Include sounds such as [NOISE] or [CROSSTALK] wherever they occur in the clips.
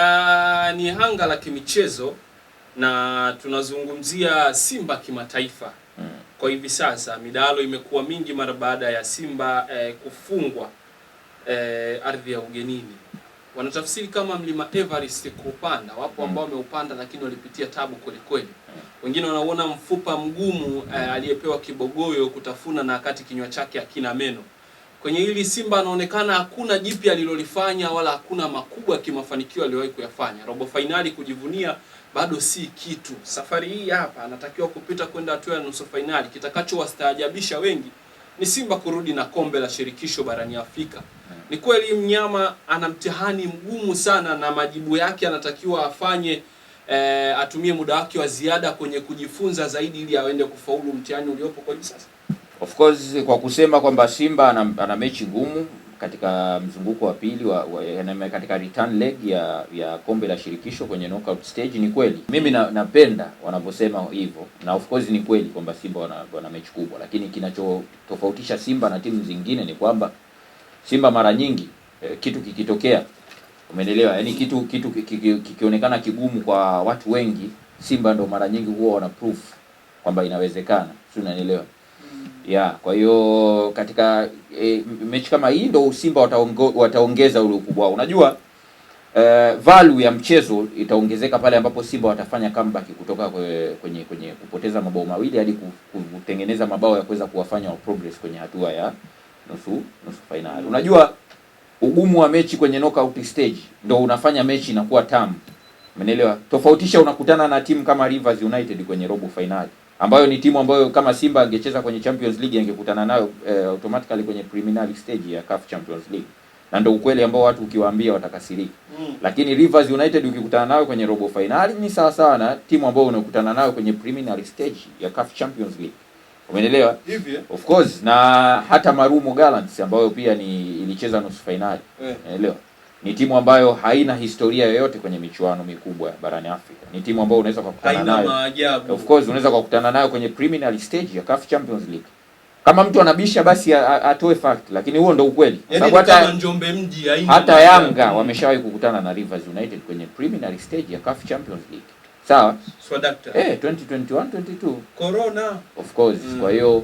uh, ni hanga la kimichezo na tunazungumzia Simba kimataifa Kwa hivi sasa midalo imekuwa mingi mara baada ya Simba eh, kufungwa eh, ardhi ya ugenini. Wanatafsiri kama mlima Everest kuupanda, wapo mm. ambao wameupanda lakini walipitia tabu kwelikweli. Wengine wanauona mfupa mgumu eh, aliyepewa kibogoyo kutafuna na wakati kinywa chake akina meno. Kwenye hili Simba anaonekana hakuna jipya alilolifanya wala hakuna makubwa ya kimafanikio aliyowahi kuyafanya. Robo fainali kujivunia bado si kitu. Safari hii hapa anatakiwa kupita kwenda hatua ya nusu fainali. Kitakachowastaajabisha wengi ni Simba kurudi na kombe la shirikisho barani Afrika. Ni kweli mnyama ana mtihani mgumu sana, na majibu yake anatakiwa afanye eh, atumie muda wake wa ziada kwenye kujifunza zaidi ili aende kufaulu mtihani uliopo kwa hivi sasa. Of course kwa kusema kwamba Simba ana, ana mechi ngumu katika mzunguko wa pili wa, wa, katika return leg ya ya kombe la shirikisho kwenye knockout stage ni kweli. Mimi na, napenda wanavyosema hivyo na of course ni kweli kwamba Simba wana, wana mechi kubwa, lakini kinachotofautisha Simba na timu zingine ni kwamba Simba mara nyingi eh, kitu kikitokea, umeelewa? Yaani kitu kitu kikionekana kigumu kwa watu wengi, Simba ndo mara nyingi huwa wana proof kwamba inawezekana, si unanielewa? yeah. Kwa hiyo katika e, mechi kama hii ndo Simba wataongo, wataongeza ule ukubwa wao. Unajua e, value ya mchezo itaongezeka pale ambapo Simba watafanya comeback kutoka kwenye kwenye kupoteza mabao mawili hadi kutengeneza mabao ya kuweza kuwafanya wa progress kwenye hatua ya nusu nusu finali. Unajua ugumu wa mechi kwenye knockout stage ndo unafanya mechi inakuwa tamu. Umeelewa? Tofautisha unakutana na timu kama Rivers United kwenye robo finali ambayo ni timu ambayo kama Simba angecheza kwenye Champions League angekutana nayo eh, automatically kwenye preliminary stage ya CAF Champions League, na ndio ukweli ambao watu ukiwaambia watakasirika mm. Lakini Rivers United ukikutana nayo kwenye robo finali ni sawa sawa na timu ambayo unakutana nayo kwenye preliminary stage ya CAF Champions League, umeelewa? Hivi. Of course na hata Marumo Gallants ambayo pia ni ilicheza nusu finali, eh. umeelewa? Yeah. Ni timu ambayo haina historia yoyote kwenye michuano mikubwa barani Afrika. Ni timu ambayo unaweza kukutana nayo. Of course unaweza kukutana nayo kwenye preliminary stage ya CAF Champions League. Kama mtu anabisha basi atoe fact, lakini huo ndio ukweli. Yaani sababu hata Njombe mji haina hata Yanga wameshawahi kukutana na Rivers United kwenye preliminary stage ya CAF Champions League. Sawa? So doctor. Eh, 2021 22. Corona. Of course. Mm. Kwa hiyo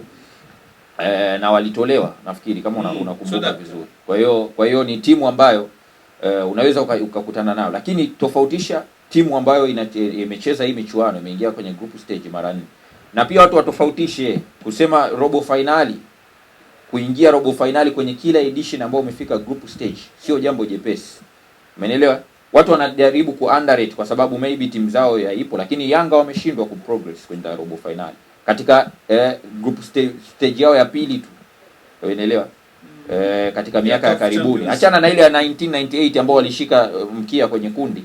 eh, na walitolewa nafikiri kama mm, unakumbuka una vizuri. Kwa hiyo kwa hiyo ni timu ambayo uh, unaweza ukakutana nao, lakini tofautisha timu ambayo imecheza hii michuano imeingia kwenye group stage mara nne, na pia watu watofautishe kusema robo finali, kuingia robo finali kwenye kila edition ambayo umefika group stage sio jambo jepesi. Umeelewa? Watu wanajaribu ku underrate kwa sababu maybe timu zao yaipo lakini Yanga wameshindwa ku progress kwenda robo finali katika eh, group stage, stage yao ya pili tu. umeelewa? e, katika miaka ya karibuni, achana na ile ya 1998 ambao walishika eh, mkia kwenye kundi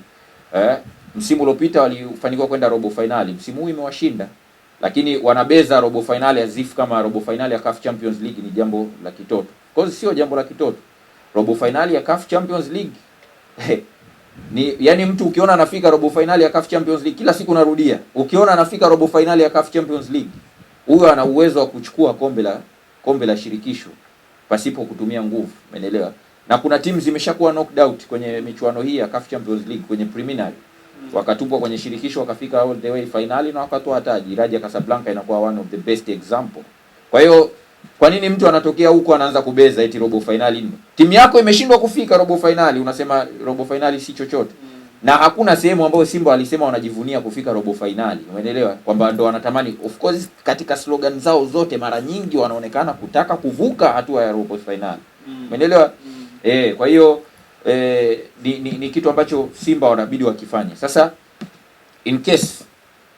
e, msimu uliopita walifanikiwa kwenda robo finali, msimu huu imewashinda, lakini wanabeza robo finali ya ZIF kama robo finali ya CAF Champions League ni jambo la kitoto. Kwa hiyo sio jambo la kitoto, robo finali ya CAF Champions League ni yani, mtu ukiona anafika robo finali ya CAF Champions League kila siku narudia, ukiona anafika robo finali ya CAF Champions League, huyo ana uwezo wa kuchukua kombe la kombe la shirikisho pasipo kutumia nguvu, umeelewa? Na kuna timu zimeshakuwa knocked out kwenye michuano hii ya CAF Champions League kwenye preliminary, wakatupwa kwenye shirikisho, wakafika all the way finali na wakatoa taji. Raja Casablanca inakuwa one of the best example. Kwa hiyo kwa nini mtu anatokea huko anaanza kubeza eti robo finali nne? Timu yako imeshindwa kufika robo finali, unasema robo finali si chochote na hakuna sehemu ambayo Simba walisema wanajivunia kufika robo fainali, umeelewa? Kwamba ndo wanatamani. Of course katika slogan zao zote mara nyingi wanaonekana kutaka kuvuka hatua ya robo fainali, mm. umeelewa? mm. E, kwa hiyo e, ni, ni, ni kitu ambacho Simba wanabidi wakifanye sasa, in case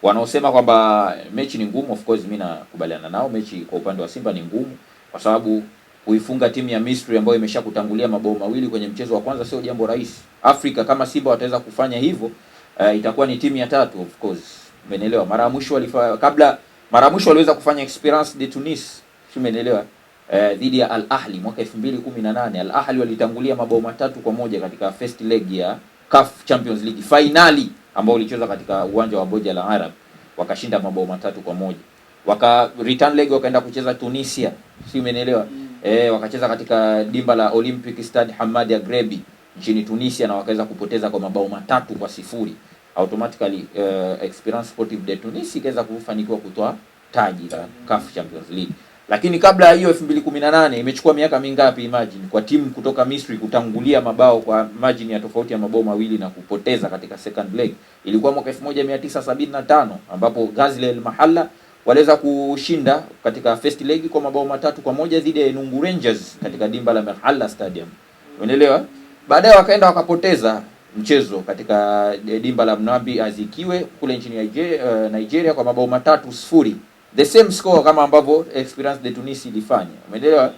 wanaosema kwamba mechi ni ngumu, of course mimi nakubaliana nao, mechi kwa upande wa Simba ni ngumu kwa sababu kuifunga timu ya Misri ambayo imeshakutangulia mabao mawili kwenye mchezo wa kwanza sio jambo rahisi. Afrika kama Simba wataweza kufanya hivyo, uh, itakuwa ni timu ya tatu of course. Umeelewa? Mara mwisho walifa kabla mara mwisho waliweza kufanya experience de Tunis. Umeelewa? Uh, dhidi ya Al Ahli mwaka 2018 Al Ahli walitangulia mabao matatu kwa moja katika first leg ya CAF Champions League finali ambao ulicheza katika uwanja wa Boja la Arab, wakashinda mabao matatu kwa moja. Waka return leg wakaenda kucheza Tunisia, si umeelewa? Mm eh, wakacheza katika dimba la Olympic Stade hamad Agrebi nchini Tunisia na wakaweza kupoteza kwa mabao matatu kwa sifuri. Automatically uh, eh, Experience Sportive de Tunis ikaweza kufanikiwa kutoa taji la CAF Champions League. Lakini kabla ya hiyo 2018 imechukua miaka mingapi? Imagine kwa timu kutoka Misri kutangulia mabao kwa margin ya tofauti ya mabao mawili na kupoteza katika second leg. Ilikuwa mwaka 1975 ambapo Ghazal El Mahalla waliweza kushinda katika first leg kwa mabao matatu kwa moja dhidi ya Enugu Rangers katika dimba la Merhala Stadium, unaelewa. Baadaye wakaenda wakapoteza mchezo katika eh, dimba la Mnambi Azikiwe kule nchini eh, Nigeria kwa mabao matatu sifuri, the same score kama ambavyo Esperance de Tunis ilifanya, umeelewa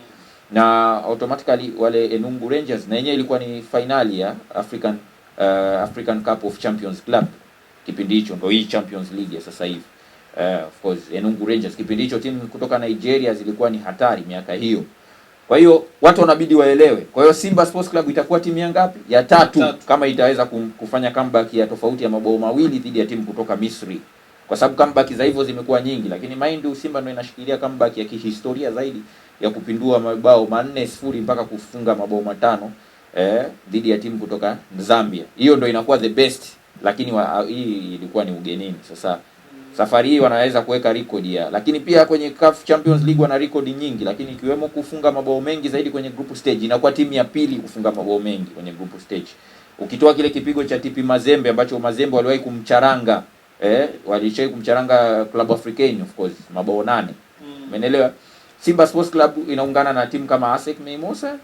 na automatically wale Enugu Rangers na yenyewe ilikuwa ni finali ya African uh, African Cup of Champions Club kipindi hicho, ndio hii Champions League ya sasa hivi. Eh, of course Enugu Rangers. Kipindi hicho timu kutoka Nigeria zilikuwa ni hatari miaka hiyo. Kwa hiyo watu wanabidi waelewe. Kwa hiyo Simba Sports Club itakuwa timu ya ngapi? Ya tatu, tatu, kama itaweza kufanya comeback ya tofauti ya mabao mawili dhidi ya timu kutoka Misri, kwa sababu comeback za hivyo zimekuwa nyingi, lakini mind Simba ndio inashikilia comeback ya kihistoria zaidi ya kupindua mabao manne sifuri mpaka kufunga mabao matano eh, dhidi ya timu kutoka Zambia. Hiyo ndio inakuwa the best, lakini hii ilikuwa ni ugenini sasa safari hii wanaweza kuweka record ya, lakini pia kwenye CAF Champions League wana record nyingi, lakini ikiwemo kufunga mabao mengi zaidi kwenye group stage. Inakuwa timu ya pili kufunga mabao mengi kwenye group stage, ukitoa kile kipigo cha TP Mazembe ambacho Mazembe waliwahi kumcharanga eh, waliwahi kumcharanga Club Africain of course mabao nane. Mm. Umeelewa? Mm. Simba Sports Club inaungana na timu kama ASEC Mimosas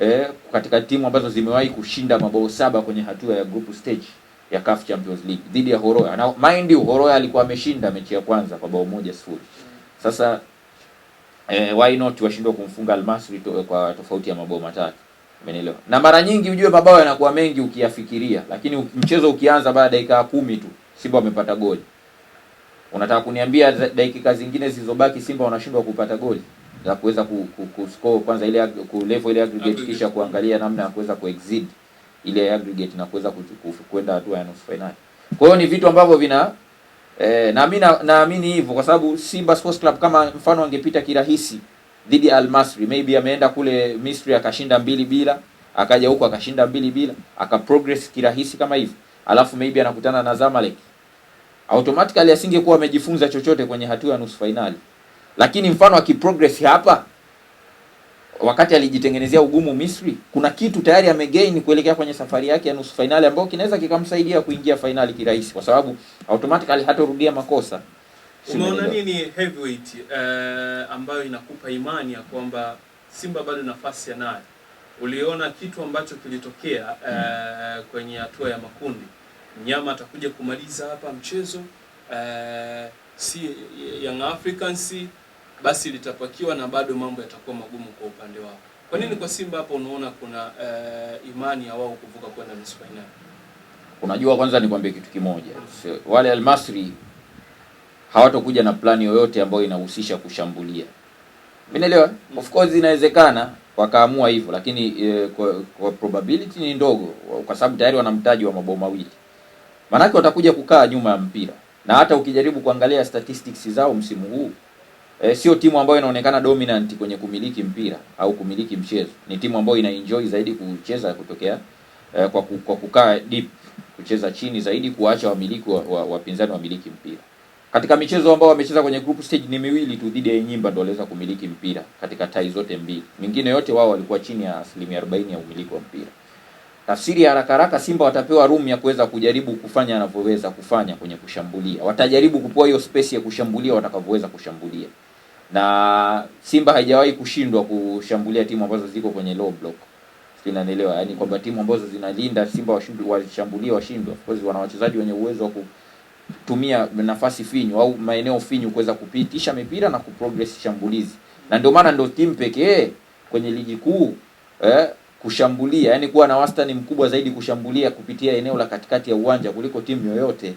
eh, katika timu ambazo zimewahi kushinda mabao saba kwenye hatua ya group stage ya CAF Champions League dhidi ya Horoya. Na mind you Horoya alikuwa ameshinda mechi ya kwanza kwa bao moja sifuri. Sasa eh, why not washindwe kumfunga Almasri to, kwa tofauti ya mabao matatu. Umeelewa? Na mara nyingi ujue mabao yanakuwa mengi ukiyafikiria, lakini mchezo ukianza baada ya dakika kumi tu Simba wamepata goli. Unataka kuniambia dakika zingine zilizobaki Simba wanashindwa kupata goli za kuweza kuscore ku, ku, kwanza ile ku level ile aggregate kisha kuangalia namna ya kuweza kuexceed ile aggregate na kuweza kwenda hatua ya nusu finali. Kwa hiyo ni vitu ambavyo vina eh, na mimi naamini hivyo kwa sababu Simba Sports Club kama mfano angepita kirahisi dhidi ya Al masri maybe ameenda kule Misri akashinda mbili bila, akaja huko akashinda mbili bila, aka progress kirahisi kama hivi. alafu maybe anakutana na Zamalek, automatically asingekuwa amejifunza chochote kwenye hatua ya nusu finali, lakini mfano akiprogress hapa wakati alijitengenezea ugumu Misri, kuna kitu tayari amegain kuelekea kwenye safari yake ya nusu fainali ambayo kinaweza kikamsaidia kuingia fainali kirahisi, kwa sababu automatically hatarudia makosa. unaona nini Heavyweight uh, ambayo inakupa imani ya kwamba Simba bado nafasi yanayo? Uliona kitu ambacho kilitokea uh, kwenye hatua ya makundi, mnyama atakuja kumaliza hapa mchezo uh, si Young Africans basi litapakiwa na bado mambo yatakuwa magumu kwa upande wao. Kwa nini kwa Simba hapo unaona kuna uh, imani ya wao kuvuka kwenda nusu fainali? Unajua, kwanza nikwambie kitu kimoja, wale Almasri hawatokuja na plani yoyote ambayo inahusisha kushambulia. Umeelewa? Mm. Of course inawezekana wakaamua hivyo, lakini eh, kwa, kwa probability ni ndogo, kwa sababu tayari wana mtaji wa mabao mawili. Maanake watakuja kukaa nyuma ya mpira, na hata ukijaribu kuangalia statistics zao msimu huu E, sio timu ambayo inaonekana dominant kwenye kumiliki mpira au kumiliki mchezo. Ni timu ambayo ina enjoy zaidi kucheza kutokea e, kwa, ku, kwa kukaa deep kucheza chini zaidi, kuacha wamiliki wapinzani wa, wa wamiliki mpira. Katika michezo ambao wamecheza kwenye group stage ni miwili tu dhidi ya Enyimba ndio waliweza kumiliki mpira katika tai zote mbili, mingine yote wao walikuwa chini ya asilimia 40 ya umiliki wa mpira. Tafsiri ya haraka haraka, Simba watapewa room ya kuweza kujaribu kufanya anavyoweza kufanya kwenye kushambulia, watajaribu kupoa hiyo space ya kushambulia watakavyoweza kushambulia na Simba haijawahi kushindwa kushambulia timu ambazo ziko kwenye low block, sio? Unanielewa? Yani kwamba timu ambazo zinalinda Simba washambulie washindwe. Of course wana wachezaji wenye uwezo wa kutumia nafasi finyu au maeneo finyu kuweza kupitisha mipira na kuprogress shambulizi, na ndio maana ndio timu pekee kwenye ligi kuu eh, kushambulia yani kuwa na wastani mkubwa zaidi kushambulia kupitia eneo la katikati ya uwanja kuliko timu yoyote.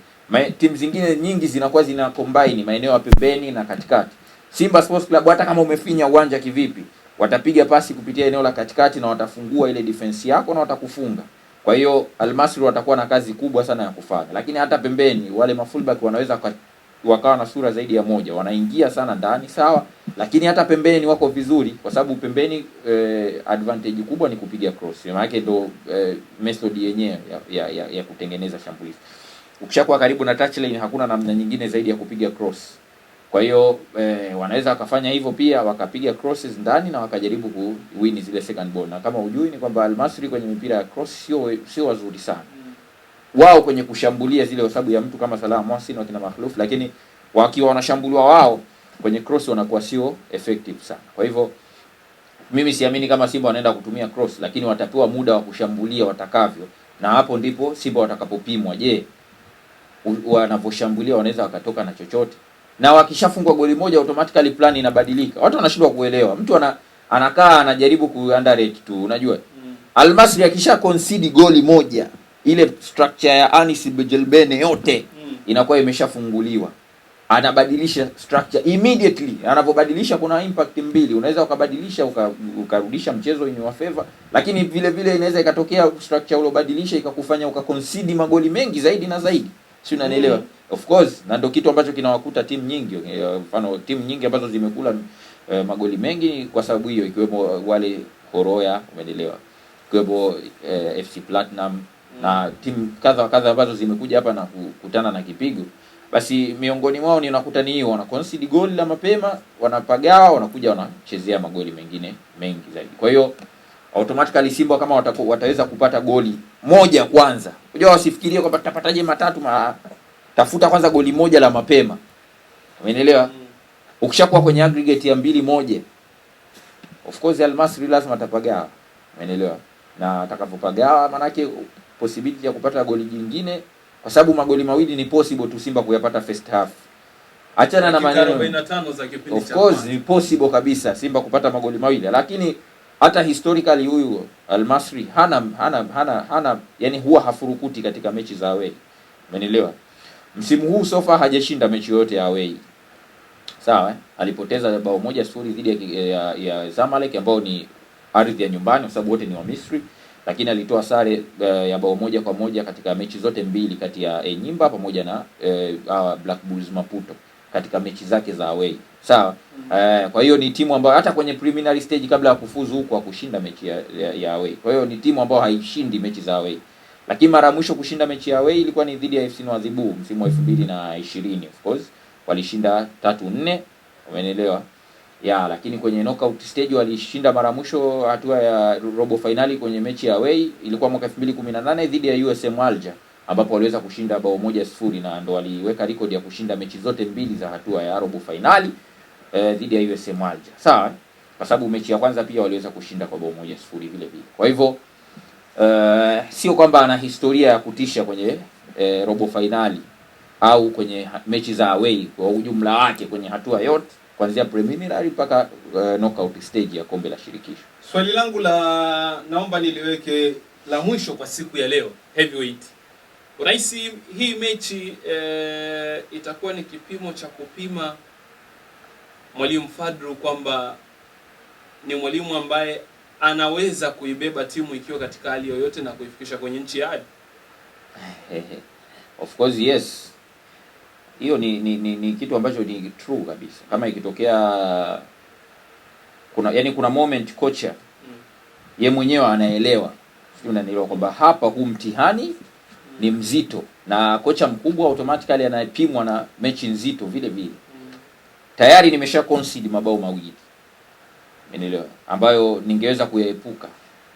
Timu zingine nyingi zinakuwa zina combine maeneo ya pembeni na katikati. Simba Sports Club hata kama umefinya uwanja kivipi, watapiga pasi kupitia eneo la katikati na watafungua ile defense yako na watakufunga. Kwa hiyo Almasri watakuwa na kazi kubwa sana ya kufanya, lakini hata pembeni wale mafullback wanaweza wakawa na sura zaidi ya moja, wanaingia sana ndani sawa, lakini hata pembeni wako vizuri, kwa sababu pembeni eh, advantage kubwa ni kupiga cross, maana yake ndo eh, method yenyewe ya, ya, ya, ya kutengeneza shambulizi. Ukishakuwa karibu na touchline, hakuna namna nyingine zaidi ya kupiga cross. Kwa hiyo e, wanaweza wakafanya hivyo pia wakapiga crosses ndani na wakajaribu kuwin zile second ball, na kama ujui ni kwamba Almasri kwenye mipira ya cross sio sio wazuri sana wao kwenye kushambulia zile, kwa sababu ya mtu kama Salah Mohsin na kina Mahluf, lakini wakiwa wanashambuliwa wao kwenye cross wanakuwa sio effective sana. Kwa hivyo mimi siamini kama Simba wanaenda kutumia cross, lakini watapewa muda wa kushambulia watakavyo, na hapo ndipo Simba watakapopimwa. Je, wanavyoshambulia wanaweza wakatoka na chochote? na wakishafungwa goli moja automatically plan inabadilika. Watu wanashindwa kuelewa, mtu ana, anakaa anajaribu ku underrate tu, unajua mm. Almasri akisha concede goli moja ile structure ya Anis Bejelbene yote mm. inakuwa imeshafunguliwa, anabadilisha structure immediately. Anapobadilisha kuna impact mbili, unaweza ukabadilisha ukarudisha uka mchezo in your favor, lakini vile vile inaweza ikatokea structure uliobadilisha ikakufanya ukakonsidi magoli mengi zaidi na zaidi, si unanielewa? mm. Of course na ndio kitu ambacho kinawakuta timu nyingi, eh, mfano timu nyingi ambazo zimekula eh, magoli mengi kwa sababu hiyo, ikiwemo wale Horoya, umenielewa, ikiwemo eh, FC Platinum mm. na timu kadha kadha ambazo zimekuja hapa na kukutana na kipigo basi miongoni mwao ninakuta ni hiyo, wana concede goli la mapema, wanapagawa, wanakuja wanachezea magoli mengine mengi zaidi. Kwa hiyo automatically Simba kama wataweza kupata goli moja kwanza, unajua wasifikirie kwamba tutapataje matatu ma tafuta kwanza goli moja la mapema, umeelewa? Mm. Ukishakuwa kwenye aggregate ya mbili moja, of course Almasri lazima atapagawa, umeelewa? Na atakavyopagawa, maanake possibility ya kupata goli jingine, kwa sababu magoli mawili ni possible tu Simba kuyapata first half. Achana na maneno, of course ni possible kabisa Simba kupata magoli mawili, lakini hata historically huyu Almasri hana hana hana, hana yani huwa hafurukuti katika mechi za away, umeelewa? Msimu huu sofa hajashinda mechi yoyote ya away. Sawa, eh? alipoteza bao moja sifuri dhidi ya, eh, ya, ya Zamalek ambao ni ardhi ya nyumbani kwa sababu wote ni wa Misri, lakini alitoa sare uh, ya bao moja kwa moja katika mechi zote mbili kati ya Enyimba pamoja na uh, Black Bulls Maputo katika mechi zake za away. Sawa. Mm -hmm. Uh, kwa hiyo ni timu ambayo hata kwenye preliminary stage kabla ya kufuzu huko hakushinda mechi ya, ya, ya away. Kwa hiyo ni timu ambayo haishindi mechi za away. Lakini mara ya mwisho kushinda mechi ya away ilikuwa ni dhidi ya FC Nwadhibu msimu wa 2020 of course. Walishinda 3-4, umeelewa? Ya, lakini kwenye knockout stage walishinda mara mwisho hatua ya robo finali kwenye mechi ya away ilikuwa mwaka 2018 dhidi ya USM Alger ambapo waliweza kushinda bao moja sifuri na ndo waliweka rekodi ya kushinda mechi zote mbili za hatua ya robo finali eh, dhidi ya USM Alger. Sawa? Kwa sababu mechi ya kwanza pia waliweza kushinda kwa bao moja sifuri vile vile. Kwa hivyo uh, sio kwamba ana historia ya kutisha kwenye eh, robo fainali au kwenye mechi za away kwa ujumla wake kwenye hatua yote kuanzia preliminary mpaka uh, knockout stage ya kombe la shirikisho. Swali langu la naomba niliweke la mwisho kwa siku ya leo Heavyweight. Rais, hii mechi eh, itakuwa ni kipimo cha kupima Mwalimu Fadru kwamba ni mwalimu ambaye anaweza kuibeba timu ikiwa katika hali yoyote na kuifikisha kwenye nchi ya [LAUGHS] Of course yes, hiyo ni, ni, ni, ni kitu ambacho ni true kabisa. Kama ikitokea kuna yani, kuna moment kocha mm. ye mwenyewe anaelewa, sio kwamba hapa huu mtihani mm. ni mzito, na kocha mkubwa automatically anapimwa na mechi nzito vile vile mm. tayari nimesha concede mabao mawili Umeelewa? Ambayo ningeweza kuyaepuka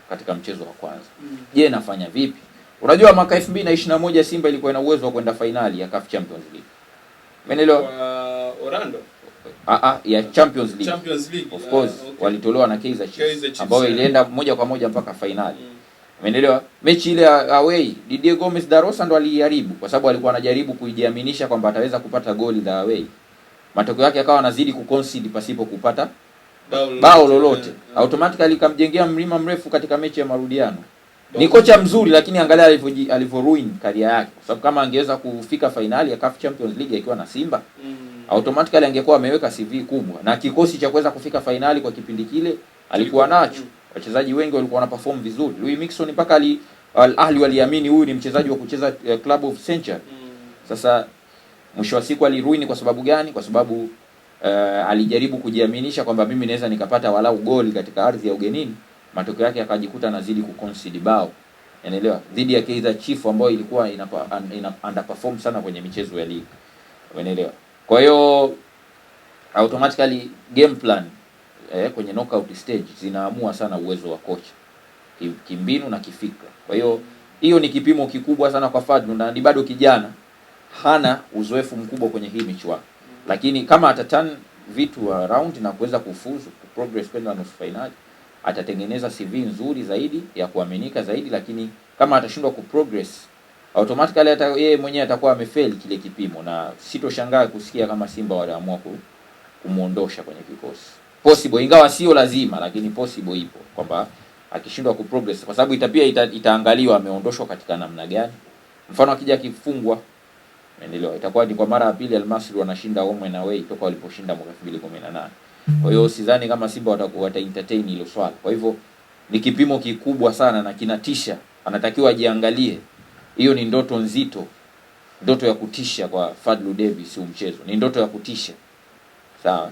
katika mchezo wa kwanza. Je, mm. nafanya vipi? Unajua mwaka 2021 Simba ilikuwa ina uwezo wa kwenda fainali ya CAF Champions League. Umeelewa? Uh, Orlando. Ah ah, ya Champions League. Champions League. Of course, uh, okay. Walitolewa na Kaizer Chiefs ambayo ilienda moja kwa moja mpaka fainali. Mm. Umeelewa? Mechi ile away, Didier Gomes da Rosa ndo aliharibu kwa sababu alikuwa anajaribu kujiaminisha kwamba ataweza kupata goli la away. Matokeo yake akawa anazidi kuconcede pasipo kupata bao lolote, automatically ikamjengea mlima mrefu katika mechi ya marudiano. Ni kocha mzuri, lakini angalia alivyoruin karia yake, kwa sababu kama angeweza kufika fainali ya CAF Champions League akiwa na Simba mm, automatically angekuwa ameweka CV kubwa, na kikosi cha kuweza kufika fainali kwa kipindi kile alikuwa nacho. Wachezaji wengi walikuwa wana perform vizuri. Louis Mixon mpaka ali Al Ahli waliamini huyu ni mchezaji wa kucheza uh, club of century. mm. Sasa mwisho wa siku aliruini kwa sababu gani? Kwa sababu uh, alijaribu kujiaminisha kwamba mimi naweza nikapata walau goli katika ardhi ya ugenini, matokeo yake akajikuta anazidi kuconcede bao unaelewa, dhidi ya Kaizer Chiefs ambayo ilikuwa inapa, ina, underperform sana kwenye michezo ya ligi unaelewa. Kwa hiyo automatically game plan eh, kwenye knockout stage zinaamua sana uwezo wa kocha kimbinu na kifikra. Kwa hiyo hiyo ni kipimo kikubwa sana kwa Fadlu na ni bado kijana, hana uzoefu mkubwa kwenye hii michuano lakini kama ataturn vitu around na kuweza kufuzu progress kwenda nusu finali atatengeneza CV nzuri zaidi ya kuaminika zaidi, lakini kama atashindwa kuprogress automatically hata yeye mwenyewe atakuwa amefail kile kipimo, na sitoshangaa kusikia kama Simba wataamua kumuondosha kwenye kikosi. Possible, ingawa sio lazima, lakini possible ipo kwamba akishindwa kuprogress, kwa sababu itapia ita itaangaliwa ameondoshwa katika namna gani. Mfano akija akifungwa Unaelewa? Itakuwa ni kwa mara ya pili Almasri wanashinda home and away toka waliposhinda mwaka 2018. Kwa hiyo sidhani kama Simba watakuwa wata entertain hilo swala. Kwa hivyo ni kipimo kikubwa sana na kinatisha. Anatakiwa ajiangalie. Hiyo ni ndoto nzito. Ndoto ya kutisha kwa Fadlu Davis si mchezo. Ni ndoto ya kutisha. Sawa.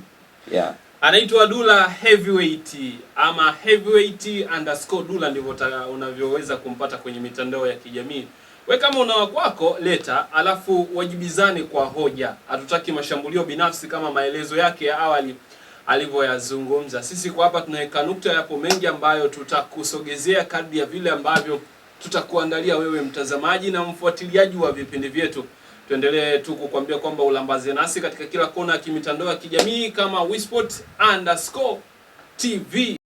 Yeah. Anaitwa Dula Heavyweight ama Heavyweight underscore Dula ndivyo unavyoweza kumpata kwenye mitandao ya kijamii. We kama una wakwako leta, alafu wajibizane kwa hoja. Hatutaki mashambulio binafsi kama maelezo yake ya awali alivyoyazungumza. Sisi kwa hapa tunaweka nukta, yapo mengi ambayo tutakusogezea kadri ya vile ambavyo tutakuandalia wewe mtazamaji na mfuatiliaji wa vipindi vyetu. Tuendelee tu kukuambia kwamba ulambaze nasi katika kila kona ya kimitandao ya kijamii kama wisport_tv.